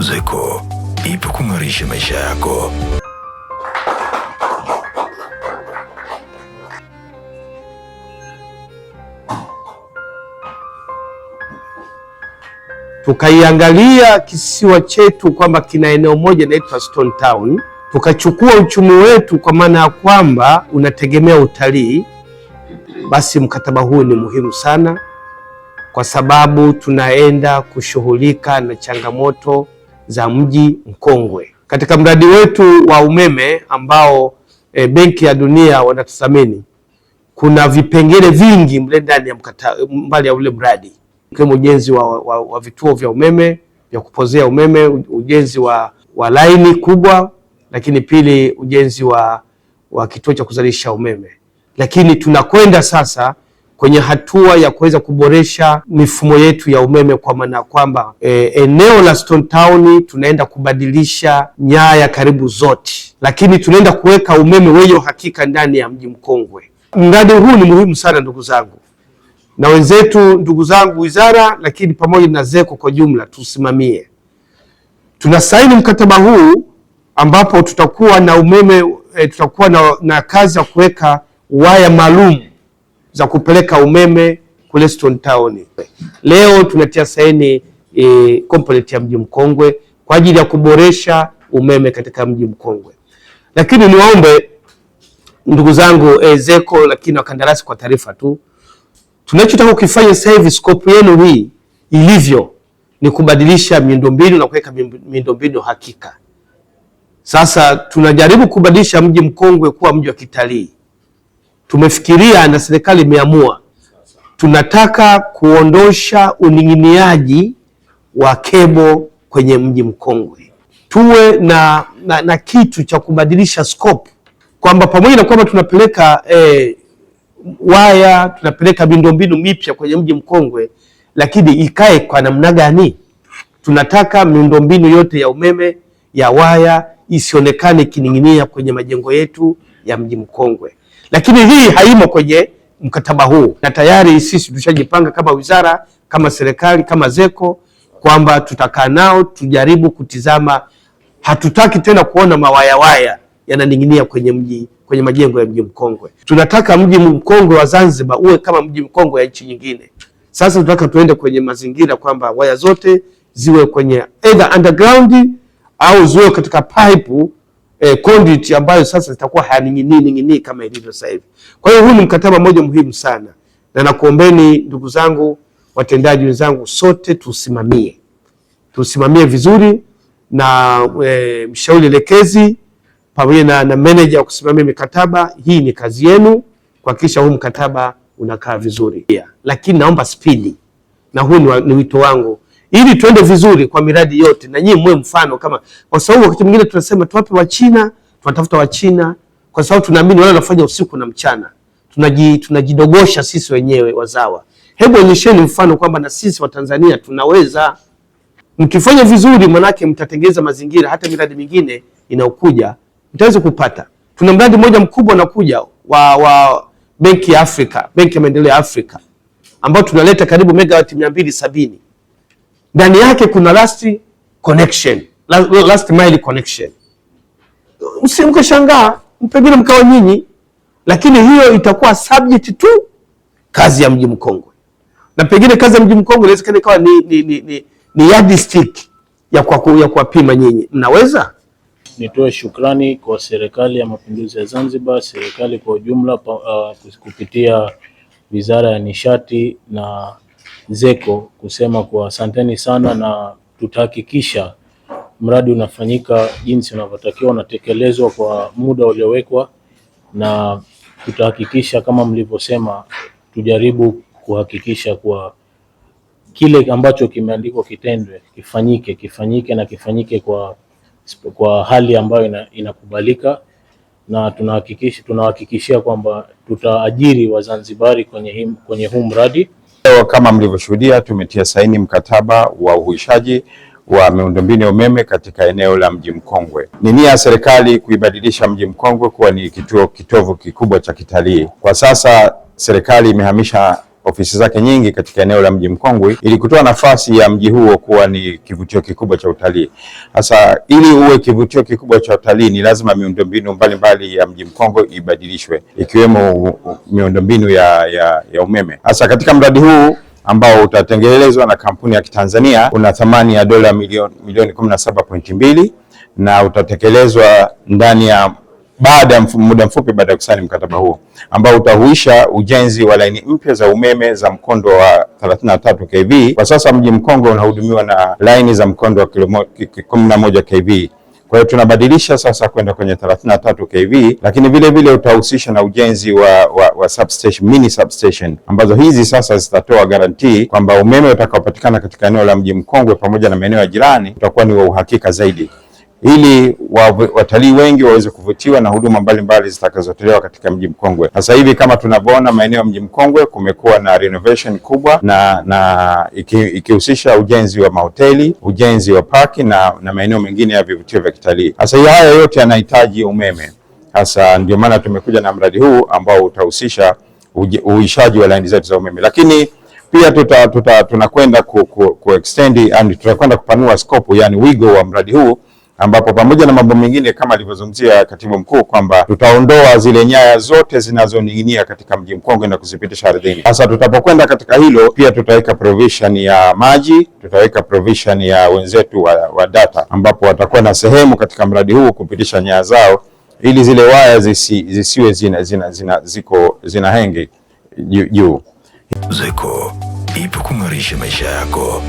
ZECO ipo kung'arisha maisha yako. Tukaiangalia kisiwa chetu kwamba kina eneo moja inaitwa Stone Town, tukachukua uchumi wetu kwa maana ya kwamba unategemea utalii. Basi mkataba huu ni muhimu sana, kwa sababu tunaenda kushughulika na changamoto za mji mkongwe katika mradi wetu wa umeme ambao e, Benki ya Dunia wanatuthamini. Kuna vipengele vingi mle ndani ya mkata, mbali ya ule mradi ikiwemo ujenzi wa, wa, wa vituo vya umeme vya kupozea umeme, ujenzi wa, wa laini kubwa, lakini pili ujenzi wa, wa kituo cha kuzalisha umeme, lakini tunakwenda sasa kwenye hatua ya kuweza kuboresha mifumo yetu ya umeme, kwa maana ya kwamba e, eneo la Stone Town tunaenda kubadilisha nyaya karibu zote, lakini tunaenda kuweka umeme wenye uhakika ndani ya mji mkongwe. Mradi huu ni muhimu sana ndugu zangu na wenzetu, ndugu zangu wizara, lakini pamoja na ZECO kwa jumla tusimamie. Tunasaini mkataba huu ambapo tutakuwa na umeme e, tutakuwa na, na kazi ya kuweka waya maalum za kupeleka umeme kule Stone Town. Leo tunatia saini e, komponenti ya mji mkongwe kwa ajili ya kuboresha umeme katika mji mkongwe, lakini niwaombe ndugu zangu e, lakini wakandarasi, kwa taarifa tu, tunachotaka kukifanya sasa hivi, scope yenu hii ilivyo ni kubadilisha miundombinu na kuweka miundombinu hakika. Sasa tunajaribu kubadilisha mji mkongwe kuwa mji wa kitalii tumefikiria na serikali imeamua, tunataka kuondosha uning'iniaji wa kebo kwenye mji mkongwe, tuwe na, na, na kitu cha kubadilisha scope kwamba pamoja na kwamba tunapeleka eh, waya tunapeleka miundombinu mipya kwenye mji mkongwe, lakini ikae kwa namna gani? Tunataka miundombinu yote ya umeme ya waya isionekane ikining'inia kwenye majengo yetu ya mji mkongwe lakini hii haimo kwenye mkataba huu, na tayari sisi tushajipanga kama wizara, kama serikali, kama ZECO kwamba tutakaa nao tujaribu kutizama. Hatutaki tena kuona mawayawaya yananing'inia kwenye mji, kwenye majengo ya mji mkongwe. Tunataka mji mkongwe wa Zanzibar uwe kama mji mkongwe ya nchi nyingine. Sasa tunataka tuende kwenye mazingira kwamba waya zote ziwe kwenye either underground au ziwe katika pipe eh, conduit ambayo sasa zitakuwa hayaninginining'inii kama ilivyo sasa hivi. Kwa hiyo huu ni mkataba mmoja muhimu sana, na nakuombeni ndugu zangu, watendaji wenzangu, sote tusimamie, tusimamie vizuri na e, mshauri elekezi pamoja na, na meneja wa kusimamia mikataba hii. Ni kazi yenu kuhakikisha huu mkataba unakaa vizuri yeah. Lakini naomba spidi, na huu ni wito wangu ili tuende vizuri kwa miradi yote, na nyinyi mwe mfano kama, kwa sababu wakati mwingine tunasema tuwape Wachina, tunatafuta Wachina kwa sababu tunaamini wale wanafanya usiku na mchana. Tunaji, tunajidogosha sisi wenyewe wazawa. Hebu onyesheni mfano kwamba na sisi Watanzania tunaweza. Mkifanya vizuri, manake mtatengeneza mazingira, hata miradi mingine inaokuja mtaweza kupata. Tuna mradi mmoja mkubwa unakuja wa, wa benki ya Afrika, benki ya maendeleo ya Afrika ambao tunaleta karibu megawati mia mbili sabini ndani yake kuna last connection, last mile connection. Msimkashangaa pengine mkawa nyinyi, lakini hiyo itakuwa subject tu kazi ya mji mkongwe, na pengine kazi ya mji mkongwe inawezekana ikawa ni, ni, ni, ni, ni yardstick ya kuwapima nyinyi mnaweza Nitoe shukrani kwa Serikali ya Mapinduzi ya Zanzibar, serikali kwa ujumla, uh, kupitia Wizara ya Nishati na ZECO kusema kuwa asanteni sana na tutahakikisha mradi unafanyika jinsi unavyotakiwa, unatekelezwa kwa muda uliowekwa, na tutahakikisha kama mlivyosema, tujaribu kuhakikisha kuwa kile ambacho kimeandikwa kitendwe, kifanyike, kifanyike na kifanyike kwa, kwa hali ambayo ina, inakubalika na tunahakikisha tunahakikishia kwamba tutaajiri Wazanzibari kwenye, kwenye huu mradi Leo kama mlivyoshuhudia, tumetia saini mkataba wa uhuishaji wa miundombinu ya umeme katika eneo la Mji Mkongwe. Ni nia ya serikali kuibadilisha Mji Mkongwe kuwa ni kituo kitovu kikubwa cha kitalii. Kwa sasa serikali imehamisha ofisi zake nyingi katika eneo la Mji Mkongwe ili kutoa nafasi ya mji huo kuwa ni kivutio kikubwa cha utalii. Sasa ili uwe kivutio kikubwa cha utalii ni lazima miundombinu mbalimbali ya Mji Mkongwe ibadilishwe ikiwemo miundombinu ya, ya, ya umeme. Sasa katika mradi huu ambao utatengenezwa na kampuni ya Kitanzania una thamani ya dola milioni milioni 17.2 na utatekelezwa ndani ya baada ya muda mfupi baada ya kusaini mkataba huo ambao utahuisha ujenzi wa laini mpya za umeme za mkondo wa 33 kV. Kwa sasa mji Mkongwe unahudumiwa na laini za mkondo wa 11 kV. Kwa hiyo tunabadilisha sasa kwenda kwenye 33 kV, lakini vile vile utahusisha na ujenzi wa, wa, wa substation, mini substation ambazo hizi sasa zitatoa garantii kwamba umeme utakaopatikana katika eneo la mji Mkongwe pamoja na maeneo ya jirani utakuwa ni wa uhakika zaidi ili watalii wengi waweze kuvutiwa na huduma mbalimbali zitakazotolewa katika mji mkongwe. Sasa hivi kama tunavyoona, maeneo ya mji mkongwe kumekuwa na renovation kubwa na, na ikihusisha iki ujenzi wa mahoteli, ujenzi wa paki na, na maeneo mengine ya vivutio vya kitalii. Sasa haya yote yanahitaji umeme, Sasa ndio maana tumekuja na mradi huu ambao utahusisha uishaji wa laini zetu za umeme, lakini pia tuta, tuta, tunakwenda ku, ku, ku extend and kupanua scope, yani wigo wa mradi huu ambapo pamoja na mambo mengine kama alivyozungumzia katibu mkuu kwamba tutaondoa zile nyaya zote zinazoning'inia katika mji mkongwe na kuzipitisha ardhini. Sasa tutapokwenda katika hilo, pia tutaweka provision ya maji, tutaweka provision ya wenzetu wa, wa data, ambapo watakuwa na sehemu katika mradi huu kupitisha nyaya zao ili zile waya zisi, zisiwe zina, zina, zina, ziko zinahenge juu. ZECO ipo kung'arisha maisha yako.